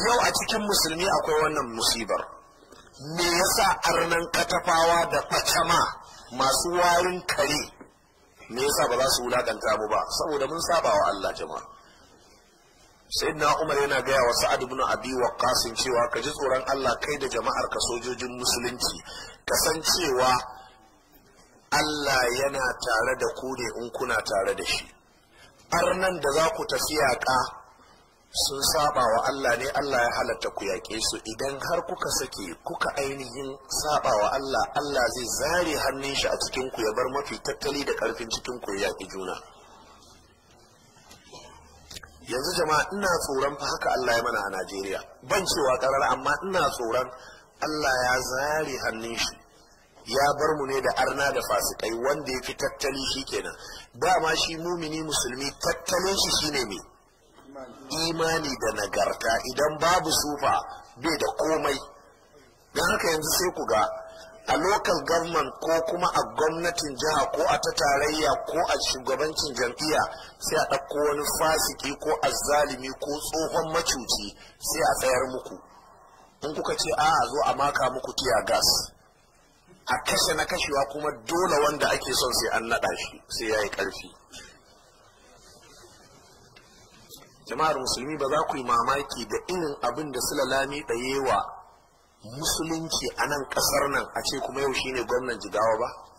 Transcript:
yau a cikin musulmi akwai wannan musibar me yasa arnan katafawa da facama masu warin kare me yasa ba za su wulakanta mu ba saboda mun saba wa Allah jama'a na Umar yana gaya wa Sa'ad ibn Abi Waqqas cewa ka ji tsoron Allah kai da jama'ar ka sojojin musulunci Ka san cewa Allah yana tare da ku ne in kuna tare da shi arnan da za ku tafi yaƙa sun saba wa Allah ne Allah ya halatta ku yaƙe su idan har kuka sake kuka ainihin saba wa Allah Allah zai zare hannun shi a cikin ku ya bar mafi tattali da ƙarfin cikin ku ya ƙi juna yanzu jama'a ina tsoron fa haka Allah ya mana a Najeriya ban cewa ƙarar amma ina tsoron Allah ya zare hannun shi ya bar mu ne da arna da fasikai wanda ya fi tattali shi kenan dama shi mumini musulmi tattalin shi shine me imani da nagarta idan babu sufa bai da komai don haka yanzu sai ku ga a lokal government ko kuma a gwamnatin jiha ko a ta tarayya ko a shugabancin jam'iyya sai a ɗauko wani fasiki ko azzalimi ko tsohon macuci sai a tsayar muku in kuka ce a zo a maka muku tiya gas a kashe na kashewa kuma dole wanda ake son sai an naɗa shi sai ya yi ƙarfi jama'ar musulmi ba za ku yi mamaki da irin abin da sulalami ɗaye wa musulunci a nan ƙasar nan a ce kuma yau shine gwamnan jigawa ba